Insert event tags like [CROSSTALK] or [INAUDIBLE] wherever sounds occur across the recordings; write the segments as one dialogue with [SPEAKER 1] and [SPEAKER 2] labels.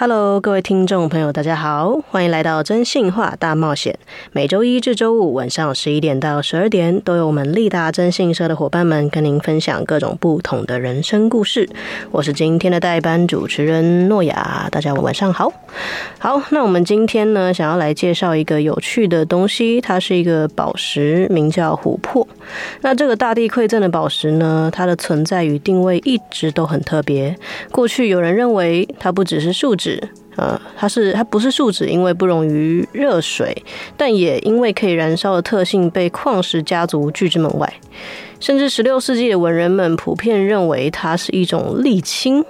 [SPEAKER 1] Hello，各位聽眾朋友，大家好，歡迎來到徵信話大冒險。每周一至周五晚上十一點到十二點，都有我們立達徵信社的夥伴們跟您分享各種不同的人生故事。我是今天的代班主持人諾亞，大家晚上好。好，那我們今天呢，想要來介紹一個有趣的東西，它是一個寶石，名叫琥珀。那這個大地饋贈的寶石呢，它的存在與定位一直都很特別。過去有人認為它不只是樹脂。呃，它是它不是樹脂，因為不溶於熱水，但也因為可以燃燒的特性被礦石家族拒之門外，甚至十六世紀的文人們普遍認為它是一種瀝青。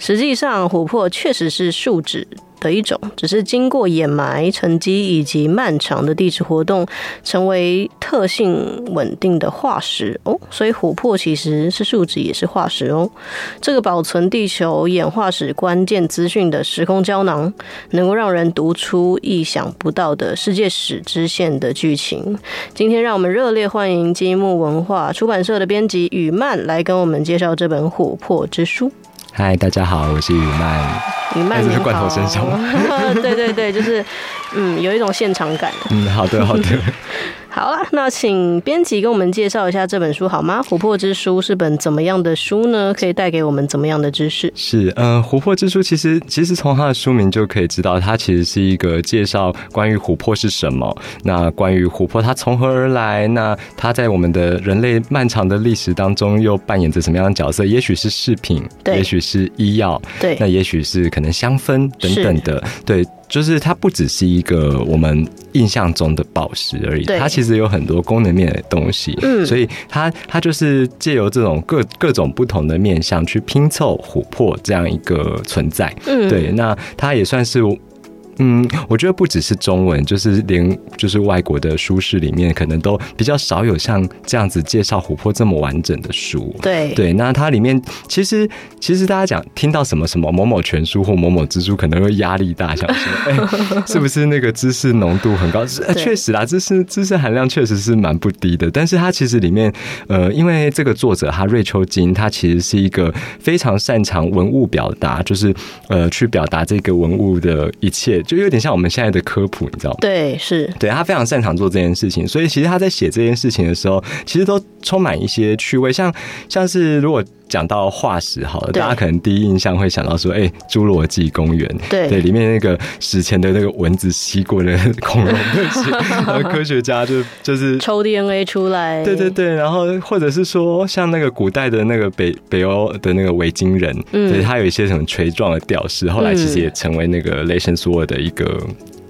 [SPEAKER 1] 實際上，琥珀確實是樹脂的一種，只是經過掩埋、沉積以及漫長的地質活動，成為特性穩定的化石哦。所以琥珀其實是，是樹脂也是化石哦。這個保存地球演化史關鍵資訊的時空膠囊，能夠讓人讀出意想不到的世界史支線的劇情。今天，讓我們熱烈歡迎積木文化出版社的編輯羽漫來跟我們介紹這本琥珀之書。
[SPEAKER 2] 嗨，Hi, 大家好，我是羽漫，羽漫，這是罐頭身上，
[SPEAKER 1] [LAUGHS] 對對對，就是，嗯，有一種現場感，
[SPEAKER 2] 嗯，好的，好的。 [LAUGHS]
[SPEAKER 1] 好了，那請編輯跟我們介紹一下這本書好嗎？《琥珀之書》是本怎麼樣的書呢？可以帶給我們怎麼樣的知識？
[SPEAKER 2] 是，嗯、呃，《琥珀之書》其實其實從它的書名就可以知道，它其實是一個介紹關於琥珀是什麼。那關於琥珀，它從何而來？那它在我們的人類漫長的歷史當中又扮演着什麼樣的角色？也許是飾品，對；也許是醫藥，對；那也許是可能香氛等等的，是，對。就是它不只是一個我們印象中的寶石而已，對它其實有很多功能面的東西，嗯、所以它它就是借由這種各各種不同的面向去拼湊琥珀這樣一個存在。嗯、對，那它也算是。嗯，我覺得不只是中文，就是連就是外國的書市裡面，可能都比較少有像這樣子介紹琥珀這麼完整的書。對對，那它裡面其實其實大家講聽到什麼什麼某某全書或某某之書，可能會壓力大，想說、哎、是不是那個知識濃度很高？是啊、確實啦，知識知識含量確實是蠻不低的。但是它其實裡面呃，因為這個作者哈瑞秋金，他其實是一個非常擅長文物表達，就是呃去表達這個文物的一切。就有點像我們現在的科普，你知道嗎？對，是。對，他非常擅長做這件事情，所以其實他在寫這件事情的時候，其實都充滿一些趣味，像，像是如果。講到化石好了，好對，大家可能第一印象會想到說，哎、欸，侏羅紀公園，對，對裡面那個史前的那個蚊子吸過的恐龍的血， [LAUGHS] [LAUGHS] 然後科學家就就是
[SPEAKER 1] 抽 DNA 出來，對對
[SPEAKER 2] 對，然後或者是說，像那個古代的那個北北歐的那個維京人，嗯，他有一些什麼錘狀的吊飾，後來其實也成為那個雷神索爾的一個。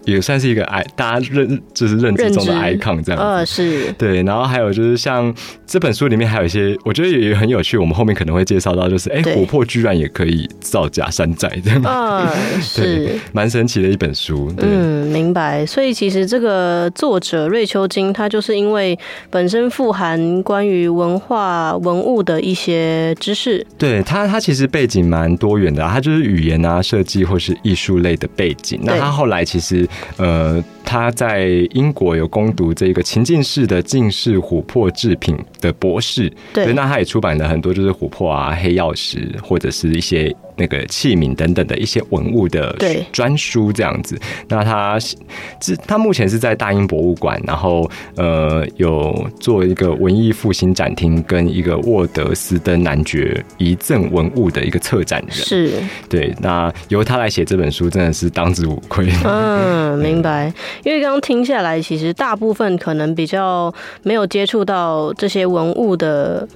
[SPEAKER 2] 也算是一個愛，大家認，就是認知中的 icon 這樣子，嗯，是，對，然後還有就是像這本書裡面還有一些，我覺得也很有趣，我們後面可能會介紹到，就是哎，欸，琥珀對居然也可以造假山寨這樣，嗯，對，蠻神奇的一本書，對，
[SPEAKER 1] 嗯，明白，所以其實這個作者瑞秋金，他就是因為本身富含關於文化文物的一些知識，
[SPEAKER 2] 對他，他其實背景蠻多元的，他就是語言啊、設計或是藝術類的背景，對那他後來其實。呃，他在英國有攻讀這個情境式的近世琥珀製品的博士，對，那他也出版了很多，就是琥珀啊、黑曜石或者是一些。那個器皿等等的一些文物的專書這樣子，對那他他目前是在大英博物館，然後呃有做一個文藝復興展廳跟一個沃德斯登男爵遺贈文物的一個策展人，是對，那由他來寫這本書真的是當之無愧。嗯、
[SPEAKER 1] 啊，明白。 [LAUGHS] 對因為剛剛聽下來，其實大部分可能比較沒有接觸到這些文物的。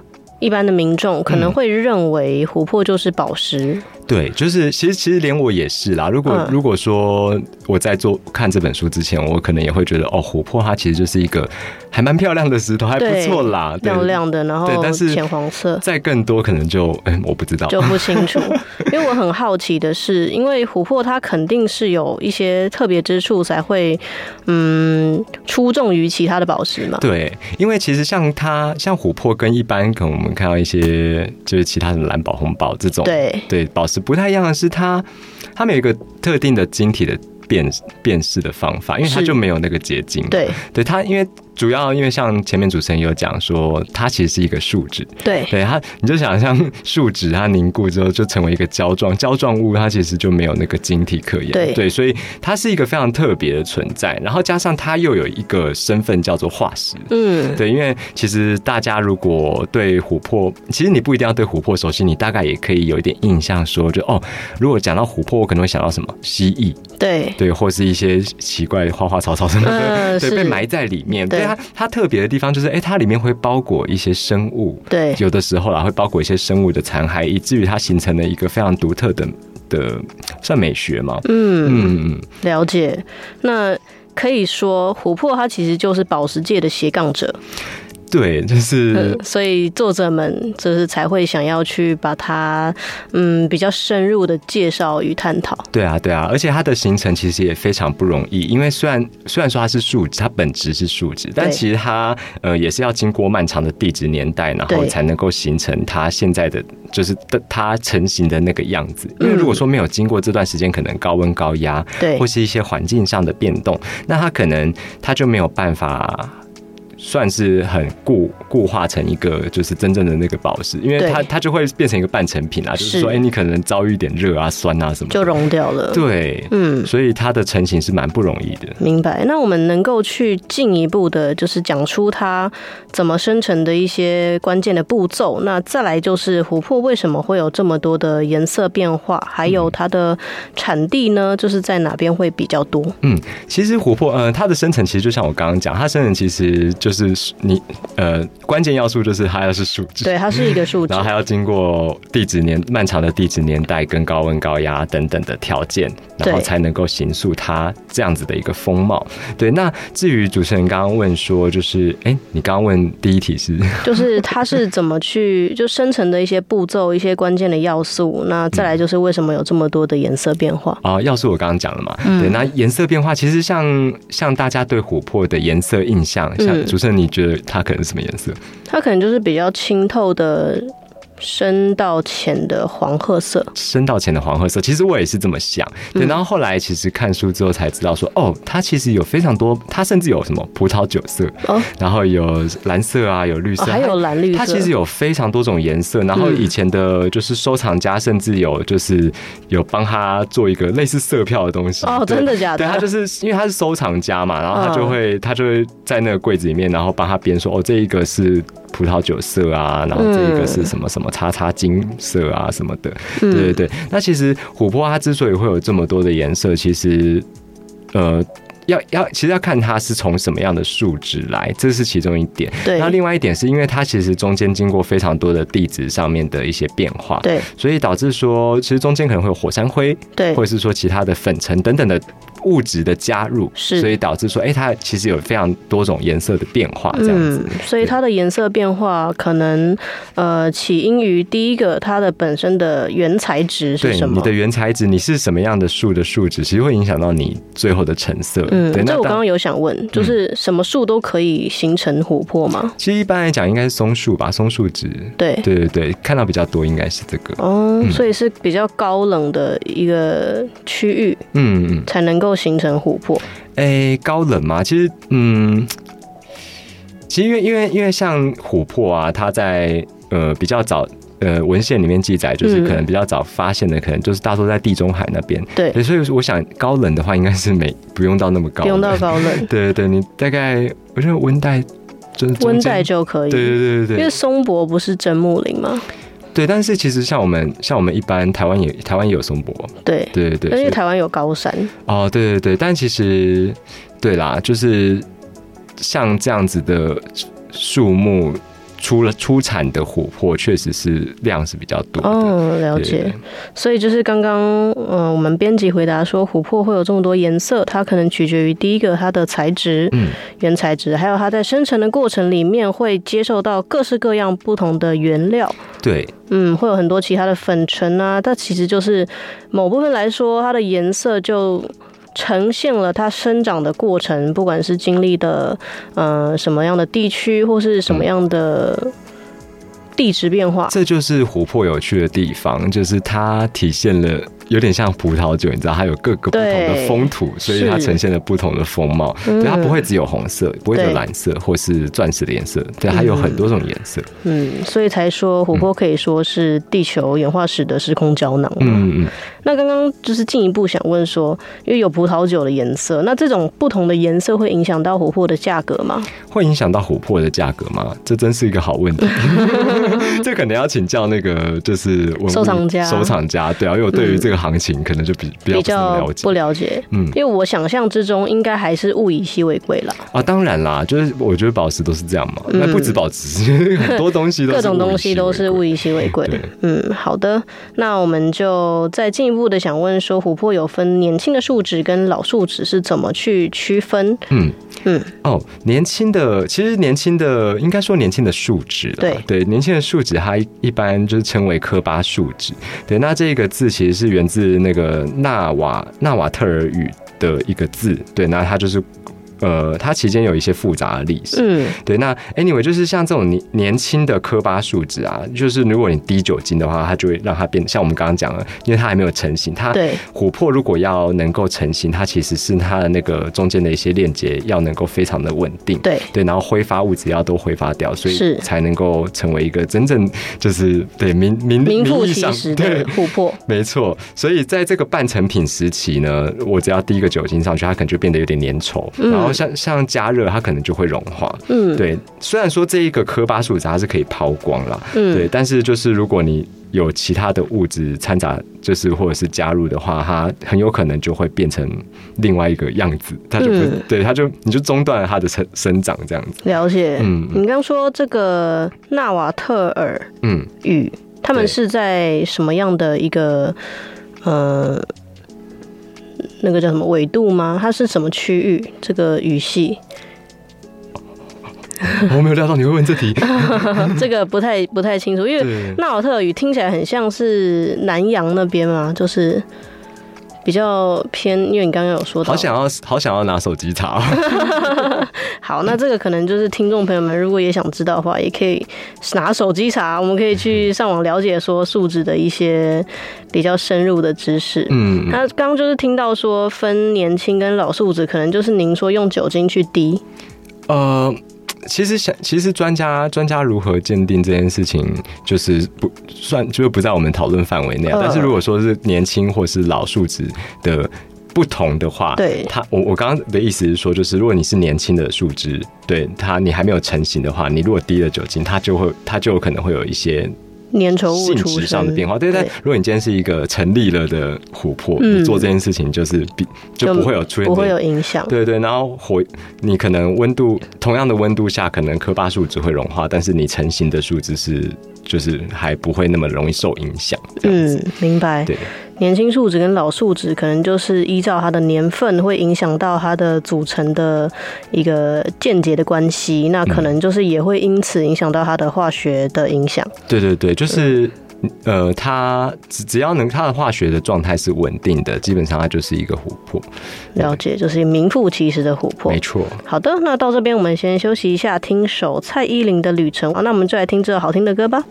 [SPEAKER 1] 一般的民眾可能會認為，琥珀就是寶石。嗯
[SPEAKER 2] 對，就是其實其實連我也是啦。如果如果說我在做看這本書之前，嗯，我可能也會覺得哦，琥珀它其實就是一個還蠻漂亮的石頭，對還不錯啦，漂亮的，亮亮的。然後對，但是淺黃色。再更多可能就，哎、欸，我不知道，就不清
[SPEAKER 1] 楚。 [LAUGHS] 因為我很好奇的是，因為琥珀它肯定是有一些特別之處才會嗯出眾於其他的寶石嘛。對，
[SPEAKER 2] 因為其實像它像琥珀跟一般可能我們看到一些就是其他的藍寶紅寶這種，對對，寶石。是不太一樣的是，它，它沒有一個特定的晶體的辨辨識的方法，因為它就沒有那個結晶。對，對，它因為。主要因為像前面主持人有講說，它其實是一個樹脂，對，對，它你就想像樹脂它凝固之後就成為一個膠狀膠狀物，它其實就沒有那個晶體可言，對，對，所以它是一個非常特別的存在。然後加上它又有一個身份叫做化石，嗯，對，因為其實大家如果對琥珀，其實你不一定要對琥珀熟悉，你大概也可以有一點印象說，說就哦，如果講到琥珀，我可能會想到什麼蜥蜴。對對，或是一些奇怪花花草草什麼的，呃、對，是被埋在裡面。對它，它特別的地方就是，哎，它裡面會包裹一些生物，對，有的時候啊，會包裹一些生物的殘骸，以至於它形成了一個非常獨特的的算美學嘛。嗯嗯，嗯，
[SPEAKER 1] 了解。那可以說，琥珀它其實就是寶石界的斜槓者。
[SPEAKER 2] 對，就是、嗯、
[SPEAKER 1] 所以作者們就是才會想要去把它嗯，比較深入的介紹與探討。
[SPEAKER 2] 對啊，對啊，而且它的形成其實也非常不容易，因為雖然雖然說它是樹脂，它本質是樹脂，但其實它對呃也是要經過漫長的地質年代，然後才能夠形成它現在的就是它成型的那個樣子。因為如果說沒有經過這段時間，可能高溫高壓對或是一些環境上的變動，那它可能它就沒有辦法。算是很固固化成一個就是真正的那個寶石，因為它對它就會變成一個半成品啊，是就是說，哎、欸，你可能遭遇一點熱啊、酸啊什麼，就融掉了。對，嗯，所以它的成型是蠻不容易的。
[SPEAKER 1] 明白。那我們能夠去進一步的，就是講出它怎麼生成的一些關鍵的步驟。那再來就是，琥珀為什麼會有這麼多的顏色變化，還有它的產地呢？嗯、就是在哪邊會比
[SPEAKER 2] 較多？嗯，其實琥珀，嗯、呃，它的生成其實就像我剛剛講，它生成其實就是。就是你呃，關鍵要素就是它要是樹脂，對，
[SPEAKER 1] 它是一個樹脂，然後還要
[SPEAKER 2] 經過地質年漫長的地質年代跟高溫高壓等等的條件，然後才能夠形塑它這樣子的一個風貌。對，那至於主持人剛剛問說，就是哎、欸，你剛剛問第一題是，
[SPEAKER 1] 就是它是怎麼去就生成的一些步驟、一些關鍵的要素，那再來就是為什麼有這麼多的顏色變化？
[SPEAKER 2] 啊，要素我剛剛講了嘛，對，那顏色變化其實像像大家對琥珀的顏色印象，像主。那你覺得它可能是什麼顏色？
[SPEAKER 1] 它可能就是比較清透的。深到淺的
[SPEAKER 2] 黃褐色，深到淺的黃褐色，其實我也是這麼想。對，然後後來其實看書之後才知道說，說、嗯、哦，它其實有非常多，它甚至有什麼葡萄酒色，哦、然後有藍色啊，有綠色，哦、還有
[SPEAKER 1] 藍綠色它。它其實
[SPEAKER 2] 有非常多種顏色。然後以前的，就是收藏家甚至有，就是有幫他做一個類似色票的東西。嗯、對哦，真的假的？對，他就是因為他是收藏家嘛，然後他就會他、嗯、就會在那個櫃子裡面，然後幫他編說，哦，這一個是葡萄酒色啊，然後這一個是什麼什麼。茶茶金色啊什麼的，嗯、對對對。那其實琥珀它之所以會有這麼多的顏色，其實呃，要要其實要看它是從什麼樣的樹脂來，這是其中一點。對那另外一點是因為它其實中間經過非常多的地質上面的一些變化，對，所以導致說其實中間可能會有火山灰，對，或者是說其他的粉塵等等的。物質的加入，是。所以導致說，哎，它其實有非常多種顏色的變化，這樣子。
[SPEAKER 1] 所以它的顏色變化可能，呃，起因於第一個，它的本身的原材質是什麼？你的
[SPEAKER 2] 原材質，你是什麼樣的樹的樹脂，其實會影響到你最後的成色。嗯，那我剛剛
[SPEAKER 1] 有想問，就是什麼樹都可以形成琥珀嗎？
[SPEAKER 2] 其實一般來講，應該是松樹吧，松樹脂。對，對對對，看到比較多應該是這個。哦，
[SPEAKER 1] 所以是比較高冷的一個區域，嗯嗯，才能夠。形
[SPEAKER 2] 成琥珀，哎、欸，高冷嗎？其實，嗯，其實因為因為因為像琥珀啊，它在呃比較早呃文獻裡面記載，就是可能比較早發現的，可能就是大多在地中海那邊。對、嗯，所以我想高冷的話，應該是沒不用到那麼高，不用到高冷。對，對，對，對你大概我覺得溫帶真溫帶
[SPEAKER 1] 就可以。對對對，對，對因為松柏不是針木林嗎？
[SPEAKER 2] 對，但是其實像我們像我們一般，台灣也台灣也有松柏，對，對對對，因為台
[SPEAKER 1] 灣有高山
[SPEAKER 2] 哦，對對對，但其實對啦，就是像這樣子的樹木。出了出產的琥珀確實是量是比較多的。嗯、
[SPEAKER 1] 哦，了解。對對對，所以就是剛剛，嗯、呃，我們編輯回答說，琥珀會有這麼多顏色，它可能取決於第一個它的材質，嗯，原材質，還有它在生成的過程裡面會接受到各式各樣不同的原料，對，嗯，會有很多其他的粉塵啊，但其實就是某部分來說，它的顏色就。呈現了它生長的過程，不管是經歷的呃什麼樣的地區，或是什麼樣的地質變化。嗯，這
[SPEAKER 2] 就是琥珀有趣的地方，就是它體現了。有點像葡萄酒，你知道，它有各個不同的風土，對所以它呈現了不同的風貌。是對，它不會只有紅色，不會有藍色對或是鑽石的顏色，對，它有很多種顏色嗯。嗯，
[SPEAKER 1] 所以才說琥珀可以說是地球演化史的時空膠囊。
[SPEAKER 2] 嗯嗯
[SPEAKER 1] 那剛剛就是進一步想問說，因為有葡萄酒的顏色，那這種不同的顏色會影響到琥珀的價格嗎？
[SPEAKER 2] 會影響到琥珀的價格嗎？這真是一個好問題。這 [LAUGHS] [LAUGHS] 可能要請教那個就是收藏家，收藏家對啊，因為我對於這個。行情可能就比較不了解，比較
[SPEAKER 1] 不了解，嗯，因為我想象之中應該還是物以稀為貴了
[SPEAKER 2] 啊，當然啦，就是我覺得寶石都是這樣嘛，那、嗯、不止寶石，很多東西都，各種東西都是
[SPEAKER 1] 物以稀為貴。對嗯，好的，那我們就再進一步的想問說，琥珀有分年輕的樹脂跟老樹
[SPEAKER 2] 脂是怎麼去區分？嗯嗯，嗯哦，年輕的，其實年輕的應該說年輕的樹脂，對對，年輕的樹脂它一般就是稱為科巴樹脂，對，那這個字其實是源自。是那個納瓦納瓦特爾語的一個字，對，那它就是。呃，它期間有一些複雜的歷史，嗯，對。那 anyway，就是像這種年年輕的科巴樹脂啊，就是如果你滴酒精的話，它就會讓它變。像我們剛剛講的，因為它還沒有成型，它對琥珀如果要能夠成型，它其實是它的那個中間的一些鏈接要能夠非常的穩定，對對，然後揮發物質要都揮發掉，所以是才能夠成為一個真正就是對名名名副其實的琥珀，沒錯。所以在這個半成品時期呢，我只要滴一個酒精上去，它可能就變得有點粘稠，嗯、然後。像像加熱，它可能就會融化。嗯，對。雖然說這一個科巴樹脂是可以拋光啦。嗯，對。但是就是如果你有其他的物質摻雜，就是或者是加入的話，它很有可能就會變成另外一個樣子。它就會、嗯、對，它就你就中斷了它的生生長這樣子。
[SPEAKER 1] 了解。嗯，你剛剛說這個納瓦特爾嗯語，他們是在什麼樣的一個對呃？那個叫什麼緯度嗎？它是什麼區域？這個語系，
[SPEAKER 2] 我沒有料到你會問，問這題，
[SPEAKER 1] [LAUGHS] 這個不太不太清楚，因為納爾特爾語聽起來很像是南洋那邊嘛，就是。比較偏，因為你剛剛有說到，好想
[SPEAKER 2] 要，好想要拿手機查喔。
[SPEAKER 1] [LAUGHS] [LAUGHS] 好，那這個可能就是聽眾朋友們如果也想知道的話，也可以拿手機查。我們可以去上網了解說樹脂的一些比較深入的知識。嗯，那剛剛就是聽到說分年輕跟老樹脂，可能就是您說用酒精去滴，
[SPEAKER 2] 呃。其實想，想其實專家專家如何鑑定這件事情，就是不算，就是不在我們討論範圍內。呃、但是如果說是年輕或是老樹脂的不同的話，對他，我我剛剛的意思是說，就是如果你是年輕的樹脂，對他，你還沒有成型的話，你如果滴了酒精，他就會它就有可能會有一些。
[SPEAKER 1] 粘稠物質上的變
[SPEAKER 2] 化，對對。如果你今天是一個成立了的琥珀，嗯、你做這件事情就是比就不會有出現不會有影響，對，對對。然後火你可能溫度同樣的溫度下，可能科巴樹脂會融化，但是你成型的樹脂是就是還不會那麼容易受影響。
[SPEAKER 1] 嗯，明白。對。年輕樹脂跟老樹脂，可能就是依照它的年份，會影響到它的組成的一個間接的關係，那可能就是也會因此影響到它的化學的影響、嗯。
[SPEAKER 2] 對對對，就是，對呃，它只只要能它的化學的狀態是穩定的，基本上它就是一個琥珀。
[SPEAKER 1] 了解，對就是名副其實的琥珀。沒錯錯。好的，那到這邊我們先休息一下，聽首蔡依林的《旅程》啊，那我們就來聽這好聽的歌吧。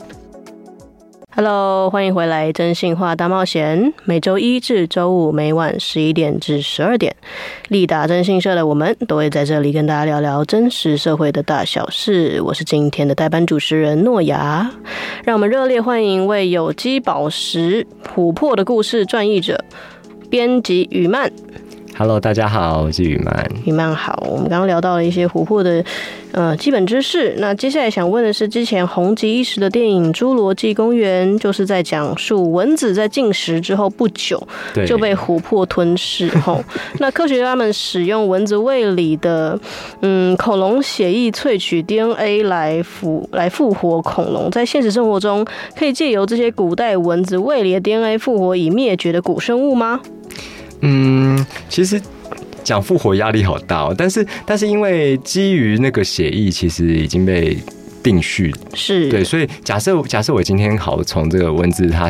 [SPEAKER 1] Hello，歡迎回來《徵信話大冒險》。每周一至周五每晚十一點至十二點，立達徵信社的我們都會在這裡跟大家聊聊真實社會的大小事。我是今天的代班主持人諾亞，讓我們熱烈歡迎為有機寶石琥珀的故事轉譯者、編輯羽漫。Hello，大家
[SPEAKER 2] 好，我是羽漫。羽
[SPEAKER 1] 漫好，我們剛剛聊到了一些琥珀的呃基本知識。那接下來想問的是，之前紅極一時的電影《侏羅紀公園》就是在講述蚊子在進食之後不久就被琥珀吞噬後對、 [LAUGHS] 哦，那科學家們使用蚊子胃裡的嗯恐龍血液萃取 DNA 來復來復活恐龍。在現實生活中，可以借由這些古代蚊子胃裡的 DNA 復活已滅絕的古生物嗎？
[SPEAKER 2] 嗯，其實講復活壓力好大哦、喔，但是但是因為基於那個協議，其實已經被。定序，是，對，所以假設假設我今天好從這個蚊子它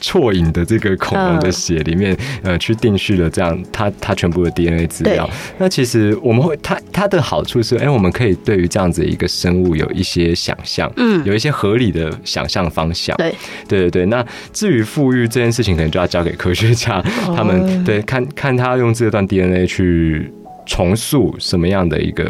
[SPEAKER 2] 錯引的這個恐龍的血裡面、啊、呃去定序了，這樣它它全部的 DNA 資料，對那其實我們會它它的好處是，哎、欸，我們可以對於這樣子一個生物有一些想象嗯，有一些合理的想象方向，對，對對對，那至於復育這件事情，可能就要交給科學家他們、哦、對，看看他用這段 DNA 去重塑什麼樣的一個。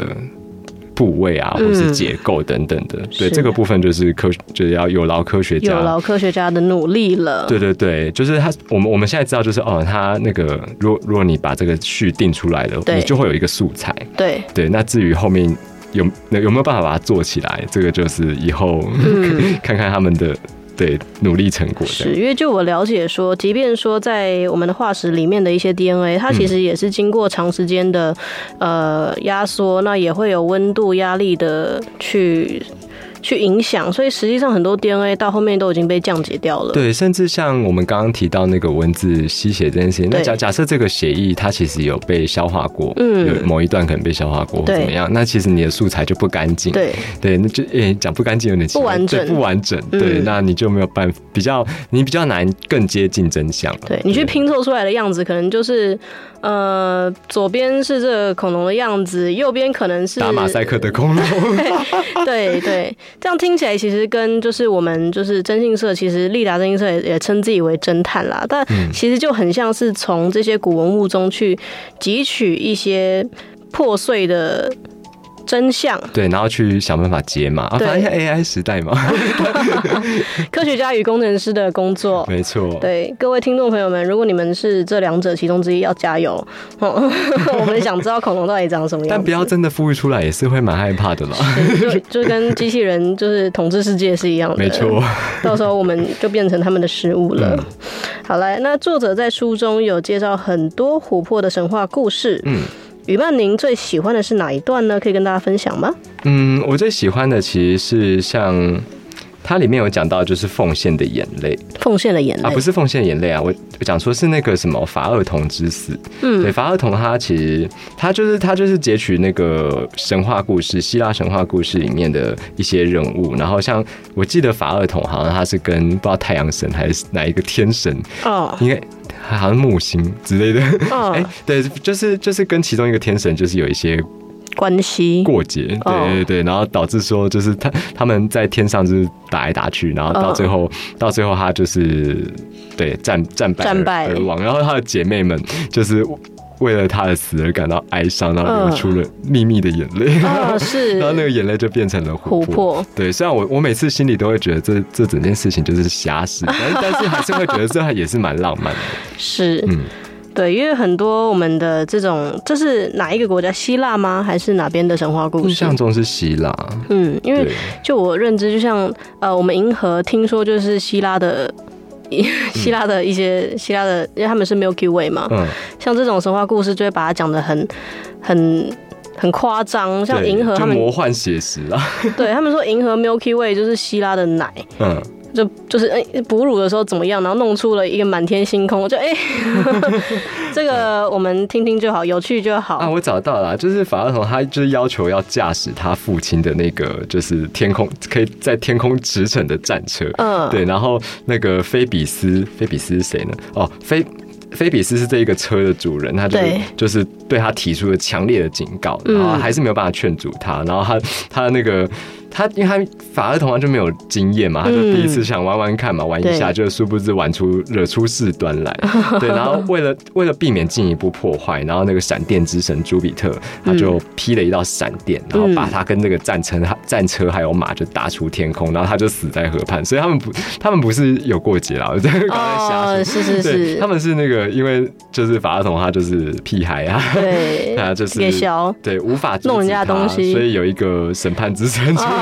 [SPEAKER 2] 部位啊，或是結構等等的，嗯、對是這個部分就是科學，就是要有勞科學家，有勞
[SPEAKER 1] 科學家的努力了。對
[SPEAKER 2] 對對，就是他，我們我們現在知道，就是哦，他那個，若，如果你把這個序定出來了，你對就會有一個素材。對對，那至於後面有那有沒有辦法把它做起來，這個就是以後、嗯、 [LAUGHS] 看看他們的。對，努力成果。是，因
[SPEAKER 1] 為就我了解說，即便說在我們的化石裡面的一些 DNA，它其實也是經過長時間的，嗯、呃，壓縮，那也會有溫度壓力的去。去影響，所以實際上很多 DNA 到後面都已經被降解掉了。
[SPEAKER 2] 對，甚至像我們剛剛提到那個蚊子吸血這件事情，那假假設這個血液它其實有被消化過，嗯，有某一段可能被消化過，或怎麼樣？那其實你的素材就不乾淨，對對，那就哎，講不乾淨有點不完整，不完整，對，那你就沒有辦法，比較，你比較難更接近真相，對，你去
[SPEAKER 1] 拼湊出來的樣子，可能就是呃，左邊是這個恐龍的樣子，右邊可能是打馬賽
[SPEAKER 2] 克的恐龍，
[SPEAKER 1] 對對。這樣聽起來，其實跟就是我們就是徵信社，其實立達徵信社也也稱自己為偵探啦，但其實就很像是從這些古文物中去汲取一些破碎的。真相。
[SPEAKER 2] 對，然後去想辦法接嘛。對，現在 A I 時代嘛，
[SPEAKER 1] [LAUGHS] 科學家與工程師的工作沒錯錯。對各位聽眾朋友們，如果你們是這兩者其中之一，要加油。 [LAUGHS] 我們想知道恐龍到底長什麼樣，但不
[SPEAKER 2] 要真的復育出來，也是會蠻害怕的啦。
[SPEAKER 1] 就就跟機器人就是統治世界是一樣的，沒錯錯。到時候我們就變成他們的食物了。嗯、好來，那作者在書中有介紹很多琥珀的神話故事。嗯。羽漫，您最喜歡的是哪一段呢？可以跟大家分享嗎？
[SPEAKER 2] 嗯，我最喜歡的其實是像它裡面有講到，就是奉獻的眼淚，
[SPEAKER 1] 奉獻的眼淚啊，不是
[SPEAKER 2] 奉獻的眼淚啊。我講說是那個什麼法厄同之死。嗯，對，法厄同，他其實他就是他就是截取那個神話故事，希臘神話故事裡面的一些人物。然後像我記得法厄同，好像他是跟不知道太陽神還是哪一個天神哦，應該。好像木星之類的，哎、uh, 欸，對，就是就是跟其中一個天神就是有一些關係過節，對對對，然後導致說就是他他們在天上就是打來打去，然後到最後、uh, 到最後他就是對戰戰敗戰敗而而亡，敗然後他的姐妹們就是。為了他的死而感到哀傷，然後流出了秘密的眼淚，呃、 [LAUGHS] 然後那個眼淚就變成了琥珀。泊對，雖然我我每次心裡都會覺得這這整件事情就是瞎死，但是還是會覺得這也是蠻浪漫的。
[SPEAKER 1] [LAUGHS] 是，嗯，對，因為很多我們的這種，這是哪一個國家？希臘嗎？還是哪邊的神話故事？印象
[SPEAKER 2] 中是希臘。嗯，
[SPEAKER 1] 因為就我認知，就像呃，我們銀河聽說就是希臘的。 [LAUGHS] 希拉的一些、嗯、希拉的，因為他們是 Milky Way 嘛，嗯、像這種神話故事就會把它講得很很很誇張，對像銀河他們魔
[SPEAKER 2] 幻寫實啊 [LAUGHS] 。
[SPEAKER 1] 對他們說，銀河 Milky Way 就是希拉的奶。嗯。就就是、欸、哺乳的時候怎麼樣，然後弄出了一個滿天星空，我就哎，欸、 [LAUGHS] [LAUGHS] 這個我們聽聽就好，有趣就好
[SPEAKER 2] 啊。我找到了啦，就是法厄同，他就是要求要駕駛他父親的那個就是天空可以在天空馳騁的戰車，嗯，對。然後那個菲比斯，菲比斯是誰呢？哦，菲菲比斯是這一個車的主人，他、就是、對就是對他提出了強烈的警告，然後還是沒有辦法勸阻他，嗯、然後他他那個。他因為他法厄同他就沒有經驗嘛，他就第一次想玩玩看嘛，玩一下就殊不知玩出惹出事端來，對，然後為了為了避免進一步破壞，然後那個閃電之神朱比特他就劈了一道閃電，然後把他跟那個戰車、戰車還有馬就打出天空，然後他就死在河畔。所以他們不他們不是有過節了，我這個剛才想是是是，他們是那個因為就是法厄同他就是屁孩啊，對，他就是對無法弄人家東西，所以有一個審判之神出來。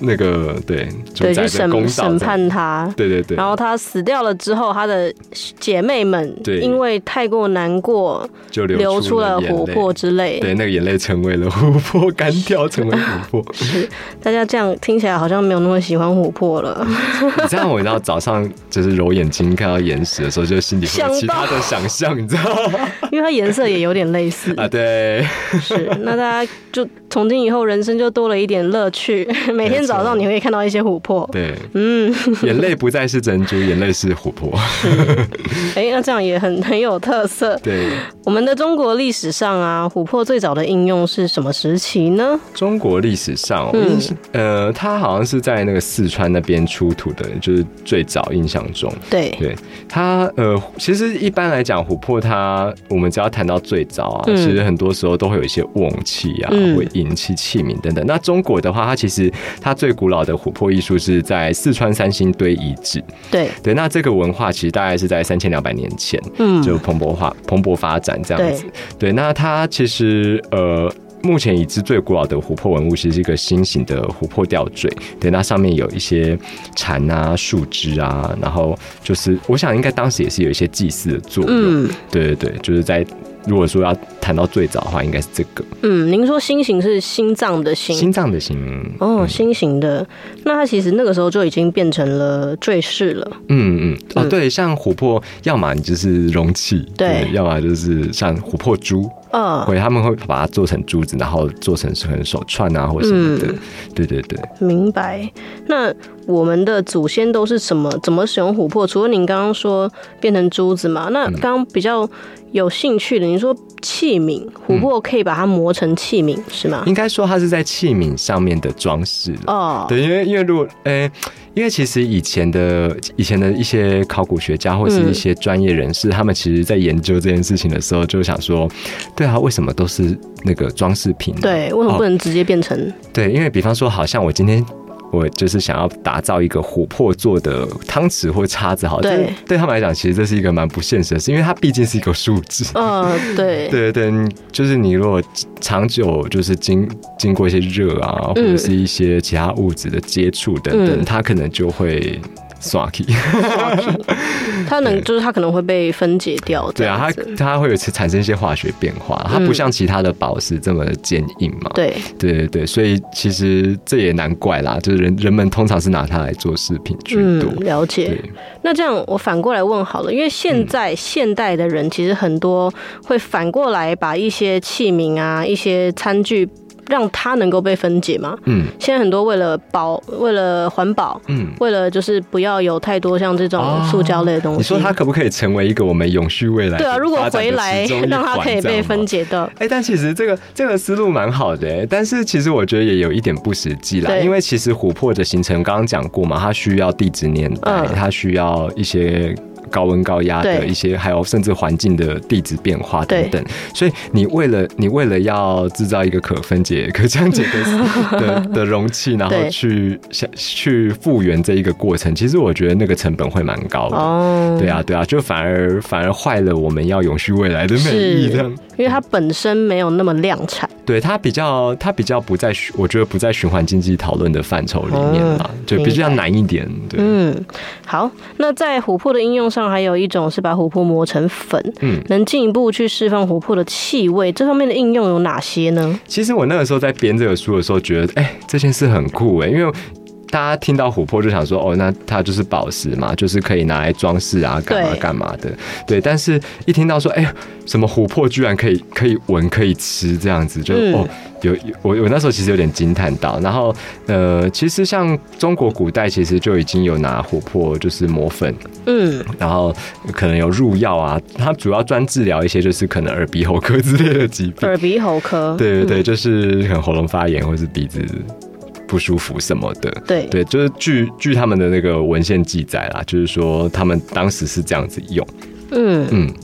[SPEAKER 2] 那個對，個對去審審判他，
[SPEAKER 1] 對對對。然後他死掉了之後，他的姐妹們因為太過難過，就對流出了琥珀之淚。對，
[SPEAKER 2] 那個眼淚成為了琥珀，乾掉成為琥珀。
[SPEAKER 1] 大家這樣聽起來好像沒有那麼喜歡琥珀了。 [LAUGHS] 這樣你知道，
[SPEAKER 2] 我一到早上就是揉眼睛看到眼屎的時候，就心裡會有其他的想象，想到你知道
[SPEAKER 1] 嗎？因為它顏色也有點類
[SPEAKER 2] 似 [LAUGHS] 啊。對，是。
[SPEAKER 1] 那大家就從今以後人生就多了一點樂趣，每天、欸。早上是你會看到一些琥珀，對，嗯，眼淚
[SPEAKER 2] 不再是珍珠， [LAUGHS] 眼淚是琥珀。
[SPEAKER 1] 哎、 [LAUGHS] 欸，那這樣也很很有特色。對，我們的中國歷史上啊，琥珀最早的應用是什麼時期呢？
[SPEAKER 2] 中國歷史上、哦，嗯，呃，它好像是在那個四川那邊出土的，就是最早印象中，對對。它呃，其實一般來講，琥珀它，我們只要談到最早啊，嗯、其實很多時候都會有一些甕器啊，嗯、會引起器皿等等。那中國的話，它其實它最古老的琥珀藝術是在四川三星堆遺址。對，對對，那這個文化其實大概是在三千兩百年前，嗯，就蓬勃化、蓬勃發展這樣子。對，對，那它其實呃，目前已知最古老的琥珀文物其實是一個心形的琥珀吊墜，對，那上面有一些蟬啊、樹枝啊，然後就是我想應該當時也是有一些祭祀的作用，對、嗯、對對，就是在。如果說要談到最早的話，應該是這個。
[SPEAKER 1] 嗯，您說心形是心臟的心，心臟
[SPEAKER 2] 的心。
[SPEAKER 1] 嗯、哦，心形的，那它其實那個時候就已經變成了墜飾了。
[SPEAKER 2] 嗯嗯，嗯嗯哦對，像琥珀，要麼你就是容器，對，對，要麼就是像琥珀珠。嗯，所以他們會把它做成珠子，然後做成是很手串啊，或者什麼的。嗯、對對對，
[SPEAKER 1] 明白。那我們的祖先都是什麼怎麼使用琥珀？除了您剛剛說變成珠子嘛，那剛，剛比較有興趣的，你說器皿，琥珀可以把它磨成器皿，嗯、是嗎？
[SPEAKER 2] 應該說它是在器皿上面的裝飾哦，對，因為因為如果誒。欸因為其實以前的以前的一些考古學家或是一些專業人士，嗯，他們其實在研究這件事情的時候，就想說，對啊，為什麼都是那個裝飾品啊？對，為什麼不
[SPEAKER 1] 能直接變成？
[SPEAKER 2] 哦，對，因為比方說，好像我今天。我就是想要打造一個琥珀做的湯匙或叉子，好，對，對他們來講，其實這是一個蠻不現實的事，因為它畢竟是一個樹脂。嗯，對， [LAUGHS] 對，對對，就是你如果長久就是經經過一些熱啊，或者是一些其他物質的接觸等等，嗯、它可能就會。刷漆，
[SPEAKER 1] 它能就是它可能會被分解掉。對啊，它
[SPEAKER 2] 它會有產生一些化學變化，它、嗯、不像其他的寶石這麼堅硬嘛。嗯、對對對所以其實這也難怪啦，就是人人們通常是拿它來做飾品去。嗯，
[SPEAKER 1] 了解。對那這樣我反過來問好了，因為現在現代的人其實很多會反過來把一些器皿啊、一些餐具。讓它能夠被分解嗎？嗯，現在很多為了保、為了環保，嗯，為了就是不要有太多像這種塑膠類的東西。哦。你說它
[SPEAKER 2] 可不可以成為一個我們永續未來的的？對啊，如果回來讓它可以被分解的。哎、欸，但其實這個這個思路蠻好的，欸，但是其實我覺得也有一點不實際啦。對因為其實琥珀的形成剛剛講過嘛，它需要地質年代，嗯、它需要一些。高溫高壓的一些，對還有甚至環境的地質變化等等，對所以你為了你為了要製造一個可分解、可降解的 [LAUGHS] 的容器，然後去想對去復原這一個過程，其實我覺得那個成本會蠻高的。哦、對啊，對啊，就反而反而壞了我們要永續未來的美意的，
[SPEAKER 1] 因為它本身沒有那麼量產，嗯、
[SPEAKER 2] 對它比較它比較不在我覺得不在循環經濟討論的範疇裡面嘛，嗯、就比較難一點。白
[SPEAKER 1] 對，嗯，好，那在琥珀的應用上還有一種是把琥珀磨成粉，嗯，能進一步去釋放琥珀的氣味。這方面的應用有哪些呢？
[SPEAKER 2] 其實我那個時候在編這個書的時候，覺得，哎，這件事很酷，哎，因為。大家聽到琥珀就想說哦，那它就是寶石嘛，就是可以拿來裝飾啊，幹嘛幹嘛的。對，對，但是一聽到說哎、欸，什麼琥珀居然可以可以聞、可以吃這樣子，就、嗯、哦，有有我我那時候其實有點驚嘆到。然後呃，其實像中國古代其實就已經有拿琥珀就是磨粉，嗯，然後可能有入藥啊，它主要專治療一些就是可能耳鼻喉科之類的疾病。
[SPEAKER 1] 耳鼻喉科，對對對，嗯、
[SPEAKER 2] 就是可能喉嚨發炎或是鼻子。不舒服什麼的，對對，就是據據他們的那個文獻記載啦，就是說他們當時是這樣子用，
[SPEAKER 1] 嗯嗯。嗯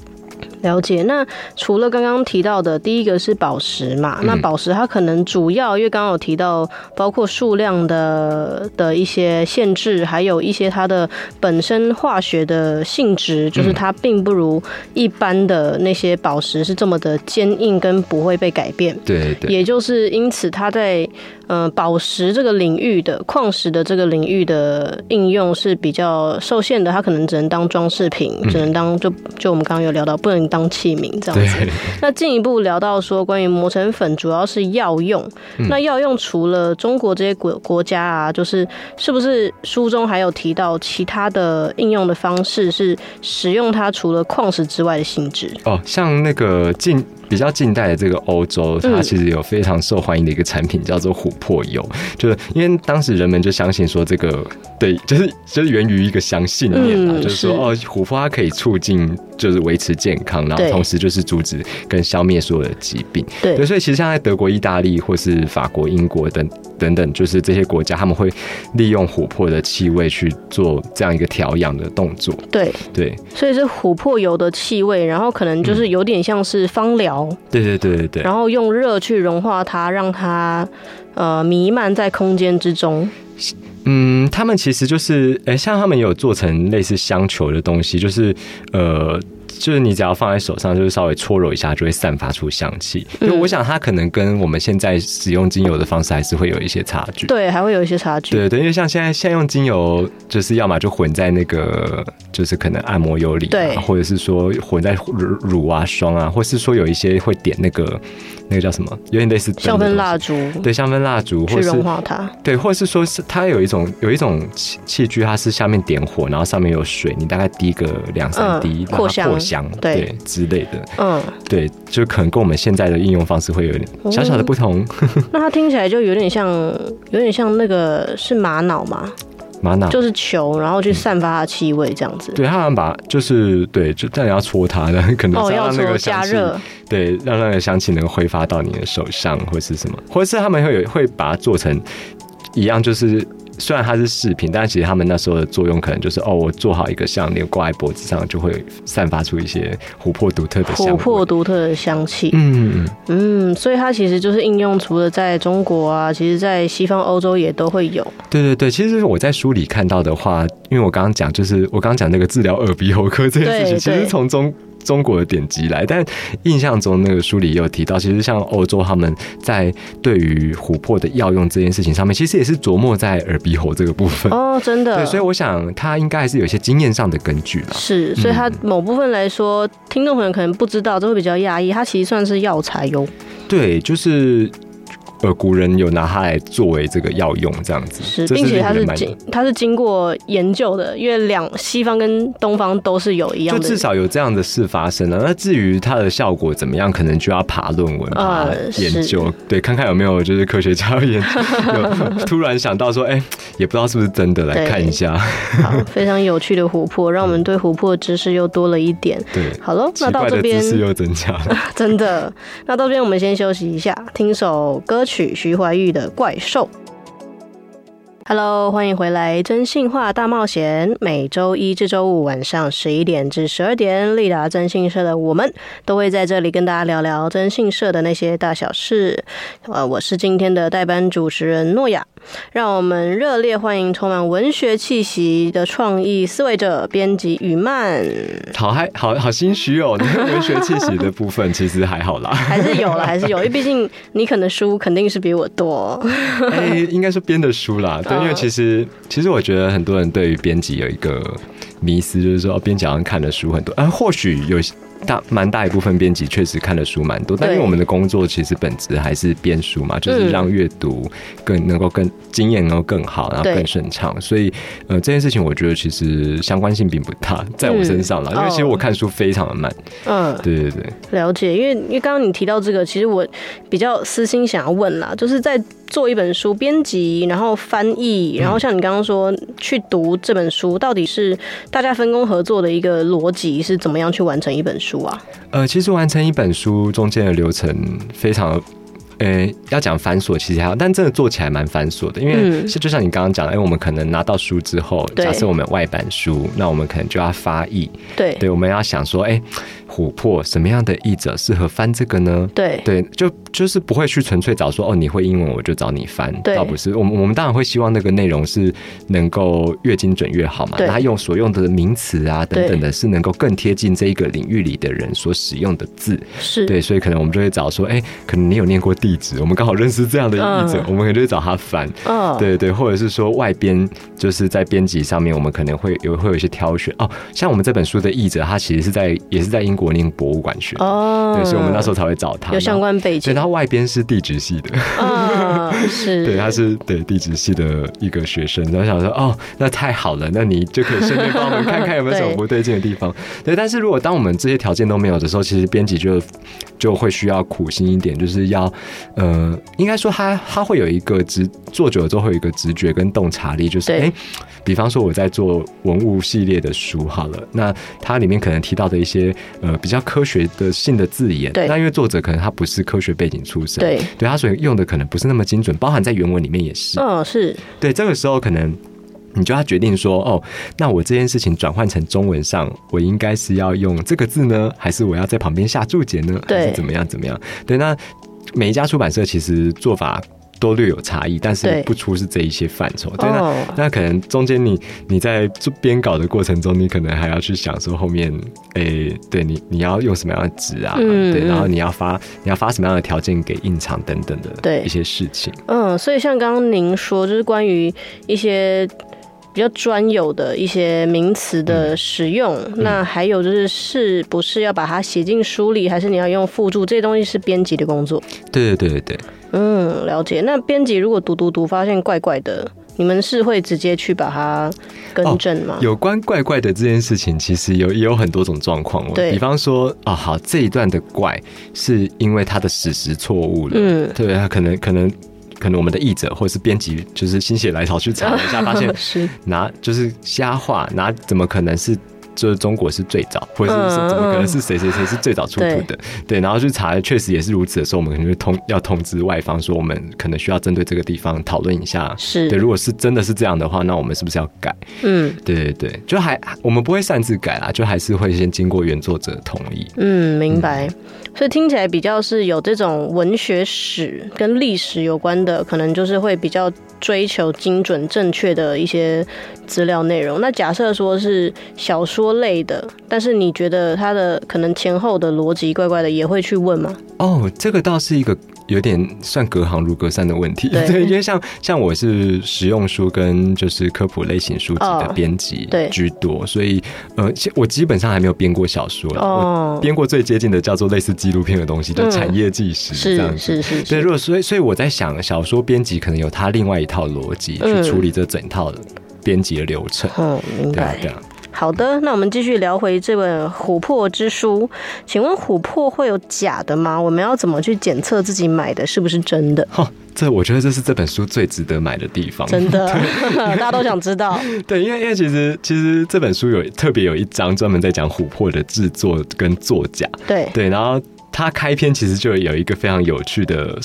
[SPEAKER 1] 了解，那除了剛剛提到的，第一個是寶石嘛。嗯、那寶石它可能主要因為剛剛有提到，包括數量的的一些限制，還有一些它的本身化學的性質，就是它並不如一般的那些寶石是這麼的堅硬跟不會被改變。對對、嗯。也就是因此，它在呃寶石這個領域的礦石的這個領域的應用是比較受限的，它可能只能當裝飾品，只能當就就我們剛剛有聊到，不能。當器皿這樣子，對那進一步聊到說，關於磨成粉主要是藥用。嗯、那藥用除了中國這些國國家啊，就是是不是書中還有提到其他的應用的方式？是使用它除了礦石之外的性質？
[SPEAKER 2] 哦，像那個近比較近代的這個歐洲，它其實有非常受歡迎的一個產品叫做琥珀油，嗯、就是因為當時人們就相信說這個對，就是就是源於一個相信念啊，嗯、就是說是哦，琥珀它可以促進，就是維持健康。然後，同時就是阻止跟消滅所有的疾病。對，對所以其實像在德國、意大利或是法國、英國等等等，就是這些國家，他們會利用琥珀的氣味去做這樣一個調養的動作。對對，對
[SPEAKER 1] 所以是琥珀油的氣味，然後可能就是有點像是芳療。
[SPEAKER 2] 對對對，然
[SPEAKER 1] 後用熱去融化它，讓它呃瀰漫在空間之中。
[SPEAKER 2] 嗯，他們其實就是哎、欸，像他們也有做成類似香球的東西，就是呃。就是你只要放在手上，就是稍微搓揉一下，就會散發出香氣。就、嗯、我想，它可能跟我們現在使用精油的方式，還是會有一些差距。
[SPEAKER 1] 對，還會有一些差距。對，對，對，
[SPEAKER 2] 對，因為像現在，現在用精油，就是要麼就混在那個，就是可能按摩油裡、啊，對，或者是說混在乳乳、啊、霜啊，或是說有一些會點那個，那個叫什麼，有點類似香氛蠟燭，對，香氛蠟燭，或者
[SPEAKER 1] 是。
[SPEAKER 2] 對，或者是說是它有一種有一種器器具，它是下面點火，然後上面有水，你大概滴個兩三滴，擴香、嗯。香對，對之類的，嗯，對，就可能跟我們現在的應用方式會有點小小的不同。
[SPEAKER 1] 嗯，那它聽起來就有點像，有點像那個是瑪瑙嗎？
[SPEAKER 2] 瑪瑙納就是
[SPEAKER 1] 球，然後去散發它的氣味這樣子。嗯，對，
[SPEAKER 2] 它好像把就是對，就但你要搓它，然後可能哦要那個，哦，要加熱，對，讓那個香氣能夠揮發到你的手上或是什麼，或是他們會有會把它做成一樣，就是。雖然它是飾品，但其實他們那時候的作用可能就是哦，我做好一個項鏈掛在脖子上，就會散發出一些琥珀獨特的琥珀
[SPEAKER 1] 獨特的香氣。香氣，嗯
[SPEAKER 2] 嗯，
[SPEAKER 1] 所以它其實就是應用，除了在中國啊，其實在西方歐洲也都會有。
[SPEAKER 2] 對對對，其實我在書裡看到的話，因為我剛剛講，就是我剛剛講那個治療耳鼻喉科這件事情，對對對，其實從中。中國的典籍來，但印象中那個書裡也有提到，其實像歐洲他們在對於琥珀的藥用這件事情上面，其實也是琢磨在耳鼻喉這個部分哦，真的。對，所以我想他應該還是有一些經驗上的根據吧。是，所以他
[SPEAKER 1] 某部分來說，嗯、聽眾朋友可能不知道，就會比較訝異。它其實算是藥
[SPEAKER 2] 材喲，對，就是。呃，古人有拿它來作為這個藥用，這樣子，是是並且它是經
[SPEAKER 1] 它是經過研究的，因為兩西方跟東方都是有一樣的，就至少
[SPEAKER 2] 有這樣的事發生了，啊。那至於它的效果怎麼樣，可能就要爬論文啊，研究，呃、是對，看看有沒有就是科學家有突然想到說，哎、 [LAUGHS] 欸，也不知道是不是真的，來看一下。
[SPEAKER 1] 非常有趣的琥珀，讓我們對琥珀的知識又多了一點。對，好囉，那到這邊知識又
[SPEAKER 2] 增加了，
[SPEAKER 1] [LAUGHS] 真的。那到這邊我們先休息一下，聽首歌曲。曲徐懷鈺的《怪獸》。Hello，歡迎回來《徵信話大冒險》。每周一至周五晚上十一點至十二點，立達徵信社的我們都會在這裡跟大家聊聊徵信社的那些大小事。呃，我是今天的代班主持人諾亞。讓我們熱烈歡迎充滿文學氣息的創意思維者編輯羽
[SPEAKER 2] 漫，好嗨，好好心虛哦、喔。那個、文學氣息的部分其實還好啦， [LAUGHS] 還
[SPEAKER 1] 是有啦，還是有，畢竟你可能書肯定是比我多。 [LAUGHS] 欸、
[SPEAKER 2] 應該是編的書啦，對，因為其實其實我覺得很多人對於編輯有一個迷思，就是說編輯上看的書很多，啊、或許有些。大蠻大一部分編輯確實看的書蠻多，但因為我們的工作其實本質還是編書嘛，對就是讓閱讀更能夠更經驗能夠更好，然後更順暢。對所以呃這件事情我覺得其實相關性並不大，在我身上啦，嗯、因為其實我看書非常的慢。嗯，對對對，
[SPEAKER 1] 了解。因為因為剛剛你提到這個，其實我比較私心想要問啦，就是在做一本書編輯，然後翻譯，然後像你剛剛說、嗯、去讀這本書，到底是大家分工合作的一個邏輯是怎麼樣去完成一本書？
[SPEAKER 2] 呃，其實完成一本書中間的流程非常，呃、欸，要講繁瑣，其實還好，但真的做起來蠻繁瑣的，因為是就像你剛剛講的，因為、欸、我們可能拿到書之後，對假設我們外版書，那我們可能就要發譯，對，對，我們要想說，哎、欸。琥珀什麼樣的譯者適合翻這個呢？對對，就就是不會去純粹找說哦，你會英文我就找你翻，對倒不是。我們我們當然會希望那個內容是能夠越精準越好嘛。他對用所用的名詞啊等等的，對是能夠更貼近這一個領域裡的人所使用的字，是對。所以可能我們就會找說，哎、欸，可能你有念過地質，我們剛好認識這樣的譯者，uh, 我們可能就會找他翻。嗯，uh. 對，對對，或者是說外編就是在編輯上面，我們可能會有會有一些挑選哦。像我們這本書的譯者，他其實是在也是在英國。柏林博物館去，哦、對，所以我們那時候才會找他，有相關背景。所以他外邊是地質系的，
[SPEAKER 1] 哦、是 [LAUGHS] 對，
[SPEAKER 2] 他是對地質系的一個學生。然後想說，哦，那太好了，那你就可以順便幫我們看看有沒有什麼不對勁的地方。對，對，但是如果當我們這些條件都沒有的時候，其實編輯就就會需要苦心一點，就是要呃，應該說他他會有一個直做久了之後會有一個直覺跟洞察力，就是哎。對欸比方說，我在做文物系列的書，好了，那它裡面可能提到的一些呃比較科學的性的字眼，那對因為作者可能他不是科學背景出身，對，對他所以用的可能不是那麼精準，包含在原文裡面也是，嗯、哦，是對。這個時候可能你就要決定說，哦，那我這件事情轉換成中文上，我應該是要用這個字呢，還是我要在旁邊下注解呢，對還是怎麼樣怎麼樣？對，那每一家出版社其實做法，都略有差異，但是不出是這一些範疇對。那、哦、那可能中間你你在編稿的過程中，你可能還要去想說後面，誒、欸，對你你要用什麼樣的紙啊？嗯、對，然後你要發你要發什麼樣的條件給印廠等等的一些事情。
[SPEAKER 1] 嗯，所以像剛剛您說，就是關於一些。比較專有的一些名詞的使用，嗯、那還有就是是不是要把它寫進書裡，嗯、還是你要用附注？這些東西是編輯的工作。
[SPEAKER 2] 對對對對對。嗯，
[SPEAKER 1] 了解。那編輯如果讀讀讀發現怪怪的，你們是會直接去把它更正嗎？哦、
[SPEAKER 2] 有關怪怪的這件事情，其實有也有很多種狀況。對。比方說，啊、哦，好，這一段的怪是因為它的史實錯誤了。嗯。對、啊，它可能可能。可能可能我們的譯者或者是編輯，就是心血來潮去查一下，發現拿就是瞎話，拿怎麼可能是就是中國是最早，或者是怎麼可能是誰誰誰是最早出土的？對，然後去查，確實也是如此的時候，我們可能就通要通知外方說，我們可能需要針對這個地方討論一下。是對，如果是真的是這樣的話，那我們是不是要改？嗯，對對對，就還我們不會擅自改啦，就還是會先經過原作者同意。
[SPEAKER 1] 嗯，明白。嗯所以聽起來比較是有這種文學史跟歷史有關的，可能就是會比較追求精準正確的一些資料內容。那假設說是小說類的，但是你覺得他的可能前後的邏輯怪怪的，也會去問嗎？
[SPEAKER 2] 哦，這個倒是一個。有點算隔行如隔山的問題，對，對，因為像像我是實用書跟就是科普類型書籍的編輯居多，哦、對，所以呃，我基本上還沒有編過小說，哦、我編過最接近的叫做類似紀錄片的東西，叫產業紀實，這樣子。是是、嗯、是。所以如果所以所以我在想，小說編輯可能有它另外一套邏輯去處理這整套編輯的流程。對，明白，對，這樣。
[SPEAKER 1] 好的，那我們繼續聊回這本《琥珀之書》。請問琥珀會有假的嗎？我們要怎麼去檢測自己買的是不是真的？哦，
[SPEAKER 2] 這我覺得這是這本書最值得買的地方。真的，
[SPEAKER 1] 對大家都想知道。
[SPEAKER 2] 對，因為因為其實其實這本書有特別有一章專門在講琥珀的制作跟作假。對對，然後它開篇其實就有一個非常有趣的，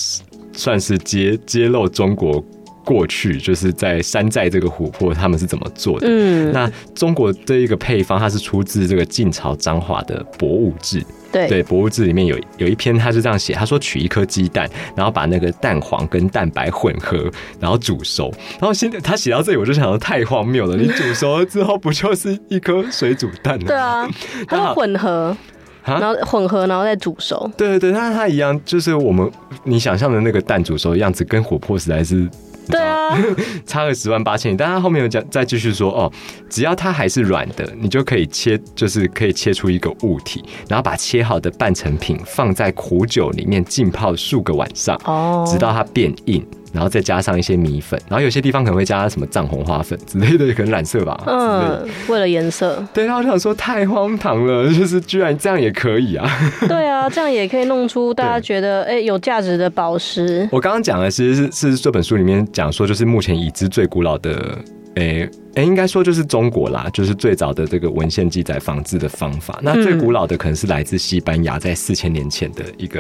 [SPEAKER 2] 算是揭揭露中國。過去就是在山寨這個琥珀。他們是怎麼做的？嗯，那中國這一個配方，它是出自這個晉朝張華的博物誌對對《博物志》。對博物志》裡面有有一篇，他是這樣寫：他說取一顆雞蛋，然後把那個蛋黃跟蛋白混合，然後煮熟。然後現在他寫到這裡，我就想說太荒謬了！你煮熟了之後，不就是一顆水煮蛋嗎，
[SPEAKER 1] 啊？ [LAUGHS] 對啊，他混合 [LAUGHS] 然，
[SPEAKER 2] 後然後混合，啊、然後再煮熟。對對對，那他一樣，就是我們你想象的那個蛋煮熟的樣子，跟琥珀實在是。對啊， [LAUGHS] 差了十萬八千里。但他後面有講，再繼續說哦，只要它還是軟的，你就可以切，就是可以切出一個物體，然後把切好的半成品放在苦酒裡面浸泡數個晚上，哦，直到它變硬。然後再加上一些米粉，然後有些地方可能會加什麼藏紅花粉之類的，可能染色吧。嗯，
[SPEAKER 1] 為了顏色。
[SPEAKER 2] 對，他好像說太荒唐了，就是居然這樣也可以啊。 [LAUGHS]
[SPEAKER 1] 對啊，這樣也可以弄出大家覺得誒對、欸、有價值的寶石。
[SPEAKER 2] 我剛剛講的其實是是這本書裡面講說，就是目前已知最古老的，誒、欸、誒，欸、應該說就是中國啦，就是最早的這個文獻記載仿製的方法。嗯、那最古老的可能是來自西班牙，在四千年前的一個。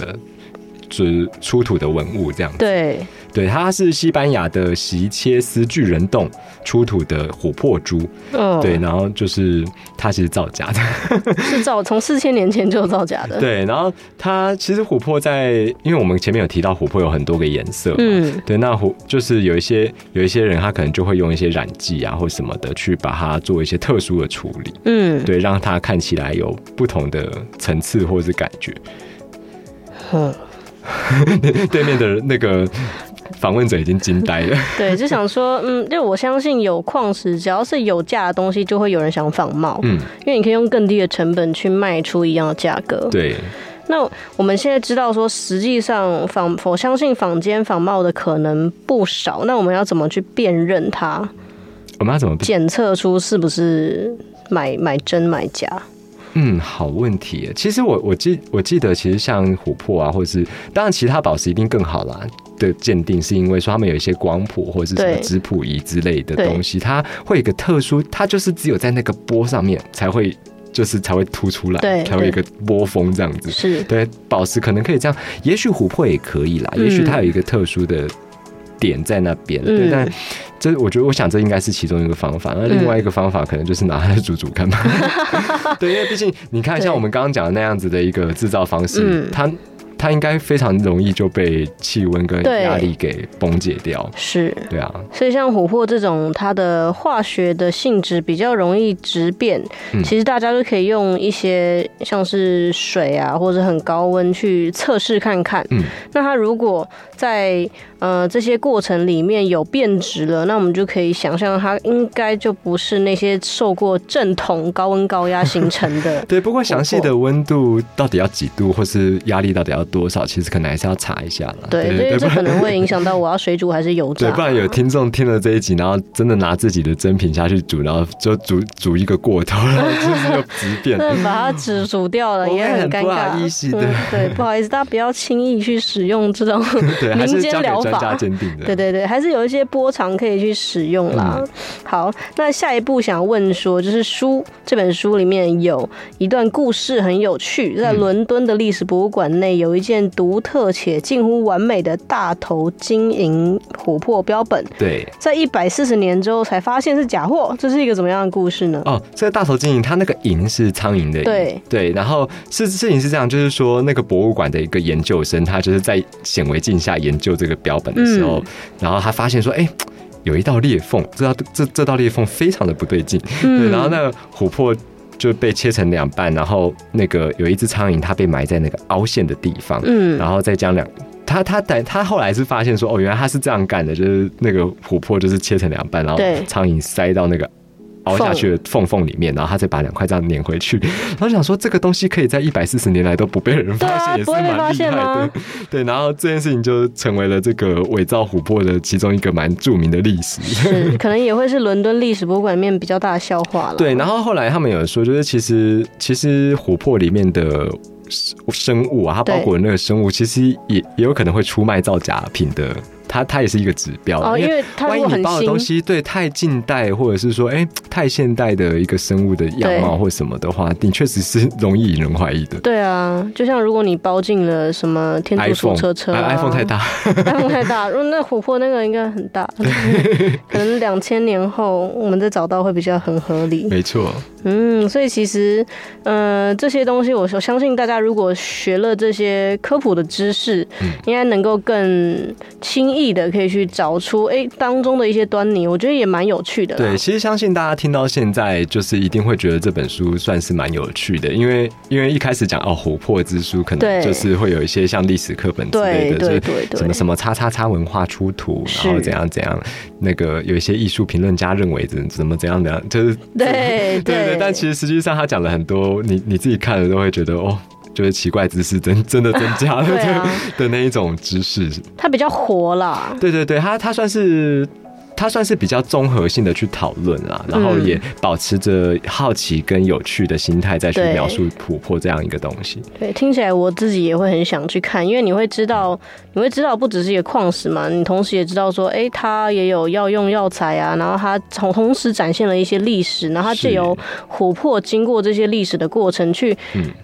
[SPEAKER 2] 就是出土的文物這樣子，對，對，它是西班牙的席切斯巨人洞出土的琥珀珠，嗯、哦，對，然後就是它其實造假的，
[SPEAKER 1] 是造從四千年前就造假的，對，
[SPEAKER 2] 然後它其實琥珀在，因為我們前面有提到琥珀有很多個顏色，嗯，對，那琥就是有一些有一些人他可能就會用一些染劑啊或什麼的去把它做一些特殊的處理，嗯，對，讓它看起來有不同的層次或者是感覺，呵。 [LAUGHS] 對面的那個訪問者已經驚呆了。 [LAUGHS]
[SPEAKER 1] 對，就想說，嗯，因為我相信有礦石，只要是有價的東西，就會有人想仿冒。嗯，因為你可以用更低的成本去賣出一樣的價格。對。那我們現在知道說實際，實際上仿，我相信坊間仿冒的可能不少。那我們要怎麼去辨認它？
[SPEAKER 2] 我們要怎麼
[SPEAKER 1] 檢測出是不是買買真買假？
[SPEAKER 2] 嗯，好問題。其實我我記我記得，其實像琥珀啊，或者是當然其他寶石一定更好啦。的鑑定是因為說他們有一些光譜或者什麼質譜儀之類的東西，對它會有一個特殊，它就是只有在那個波上面才會，就是才會凸出來，才會有一個波峰這樣子。對，是對寶石可能可以這樣，也許琥珀也可以啦，嗯、也許它有一個特殊的。點在那邊、嗯，但這我覺得，我想這應該是其中一個方法。那、嗯、另外一個方法，可能就是拿它煮煮看吧。嗯、 [LAUGHS] 對，因為畢竟你看，像我們剛剛講的那樣子的一個製造方式，嗯、它它應該非常容易就被氣溫跟壓力給崩解掉。是，對啊。
[SPEAKER 1] 所以像琥珀這種，它的化學的性質比較容易質變。嗯、其實大家就可以用一些像是水啊，或者很高溫去測試看看。嗯，那它如果在呃，這些過程裡面有變質了，那我們就可以想象它應該就不是那些受過正統高溫高壓形
[SPEAKER 2] 成的果果。 [LAUGHS] 對，不過詳細的溫度到底要幾度，或是壓力到底要多少，其實可能還是要查一下了。對，所以這可能會
[SPEAKER 1] 影響到我要水煮還是油煮，啊。 [LAUGHS] 不然
[SPEAKER 2] 有聽眾聽了這一集，然後真的拿自己的真品下去煮，然後就煮煮一個過頭，然後就是一個質變， [LAUGHS] 真的
[SPEAKER 1] 把它煮煮掉了， [LAUGHS] 也很尷尬很的，嗯。對，不好意思，大家不要輕易去使用這種民間療。加堅定的，對對對，還是有一些波長可以去使用啦。嗯、好，那下一步想問說，就是書這本書裡面有一段故事很有趣，在倫敦的歷史博物館內有一件獨特且近乎完美的大頭金銀琥珀標本。對，在一百四十年之後才發現是假貨，這是一個怎麼樣的故事呢？
[SPEAKER 2] 哦，這個大頭金銀，它那個銀是蒼蠅的銀，對對。然後是事情是這樣，就是說那個博物館的一個研究生，他就是在顯微鏡下研究這個標本。本的時候，嗯、然後他發現說：“哎、欸，有一道裂縫，這道這這道裂縫非常的不對勁。對”嗯、然後那個琥珀就被切成兩半，然後那個有一隻蒼蠅，它被埋在那個凹陷的地方。嗯，然後再將兩他他他，他後來是發現說：“哦，原來他是這樣幹的，就是那個琥珀就是切成兩半，然後蒼蠅塞到那個。”凹下去的縫縫裡面，然後他再把兩塊這樣粘回去。他想說，這個東西可以在一百四十年來都不被人發現，啊、也是蠻厲害的。對，然後這件事情就成為了這個偽造琥珀的其中一個蠻著名的歷史。
[SPEAKER 1] 是，可能也會是倫敦歷史博物館裡面比較大的笑話了。對，
[SPEAKER 2] 然後後來他們有人說，就是其實其實琥珀裡面的生物啊，它包裹的那個生物，其實也對也有可能會出賣造假品的。它它也是一個指標的、哦，因為它如果萬一你包的東西對太近代，或者是說哎、欸、太現代的一個生物的樣貌或什麼的話，對你確實是容易引人懷疑的。
[SPEAKER 1] 對啊，就像如果你包進了什麼天竺鼠車車、啊、iPhone 太、啊、大，iPhone 太大，如 [LAUGHS] 果那琥珀那個應該很大， [LAUGHS] 可能兩千年後我們再找到會比較很合理。沒錯錯，嗯，所以其實嗯、呃、這些東西，我我相信大家如果學了這些科普的知識，嗯、應該能夠更輕易。意的可以去找出誒、欸、當中的一些端倪，我覺得也蠻有趣的。對，
[SPEAKER 2] 其實相信大家聽到現在，就是一定會覺得這本書算是蠻有趣的，因為因為一開始講哦，琥珀之書可能就是會有一些像歷史課本之類的，對就是什麼什麼叉叉叉文化出土，對對對然後怎樣怎樣，是那個有一些藝術評論家認為怎怎麼怎樣怎樣，就是
[SPEAKER 1] 對對對，但
[SPEAKER 2] 其實實際上他講了很多，你你自己看了都會覺得哦。就是奇怪知識，真真的增加了、啊啊、 [LAUGHS] 的那一種知識，
[SPEAKER 1] 它比較活了。
[SPEAKER 2] 對對對，它它算是。它算是比較綜合性的去討論啊，然後也保持着好奇跟有趣的心態再去描述琥珀這樣一個東西。
[SPEAKER 1] 對，聽起來我自己也會很想去看，因為你會知道，你會知道不只是一個礦石嘛，你同時也知道說，哎、欸，它也有藥用藥材啊，然後它同同時展現了一些歷史，然後它借由琥珀經過這些歷史的過程去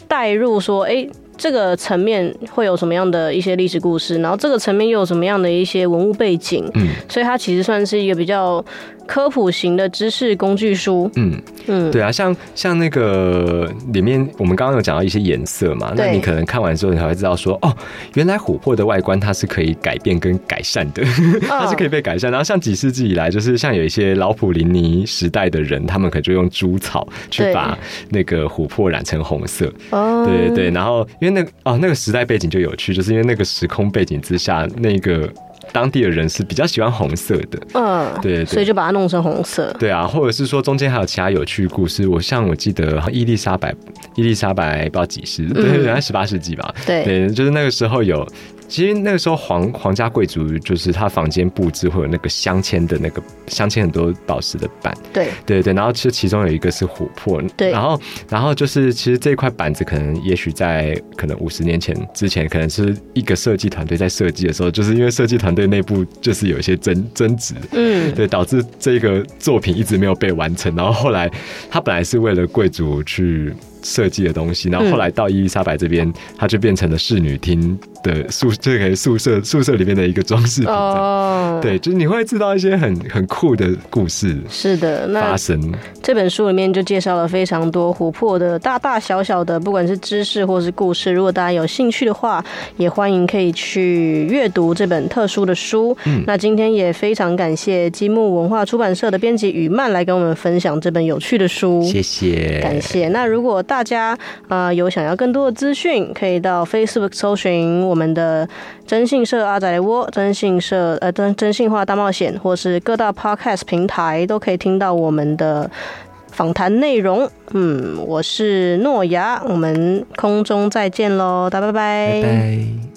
[SPEAKER 1] 帶入說，哎、欸。這個層面會有什麼樣的一些歷史故事，然後這個層面又有什麼樣的一些文物背景，嗯，所以它其實算是一個比較科普型的知識工具書，嗯嗯，對
[SPEAKER 2] 啊，像像那個裡面，我們剛剛有講到一些顏色嘛，對那你可能看完之後，你才會知道說，哦，原來琥珀的外觀它是可以改變跟改善的，oh. 它是可以被改善。然後像幾世紀以來，就是像有一些老普林尼時代的人，他們可能就用豬草去把那個琥珀染成紅色。哦對，對對對。然後因為那個、哦那個時代背景就有趣，就是因為那個時空背景之下那個。當地的人是比較喜歡紅色的，嗯，
[SPEAKER 1] 對，對，對，所以就把它弄成紅色。
[SPEAKER 2] 對啊，或者是說中間還有其他有趣的故事。我像我記得伊麗莎白，伊麗莎白不知道幾世，嗯、哼對，原來十八世紀吧，對，對，就是那個時候有。其實那個時候皇，皇皇家貴族就是他房間布置會有那個鑲嵌的那個鑲嵌很多寶石的板，對，對對對，然後其實其中有一個是琥珀，對，然後然後就是其實這塊板子可能也許在可能五十年前之前，可能是一個設計團隊在設計的時候，就是因為設計團隊內部就是有一些爭爭執，嗯，對，導致這個作品一直沒有被完成。然後後來他本來是為了貴族去。設計的東西，然後後來到伊麗莎白這邊，嗯、它就變成了侍女廳的宿，這個宿舍宿舍裡面的一個裝飾品。哦、對，就是你會知道一些很很酷的故事。
[SPEAKER 1] 是的，那發生這本書裡面就介紹了非常多琥珀的，大大小小的，不管是知識或是故事。如果大家有興趣的話，也歡迎可以去閱讀這本特殊的書。嗯，那今天也非常感謝積木文化出版社的編輯羽漫來跟我們分享這本有趣的書。謝謝，感謝。那如果大大家啊，有想要更多的資訊，可以到 Facebook 搜尋我們的徵信社阿仔的窩，徵信社呃，徵徵信話大冒險，或是各大 Podcast 平台都可以聽到我們的訪談內容。嗯，我是諾亞，我們空中再見嘍，大拜拜。拜拜。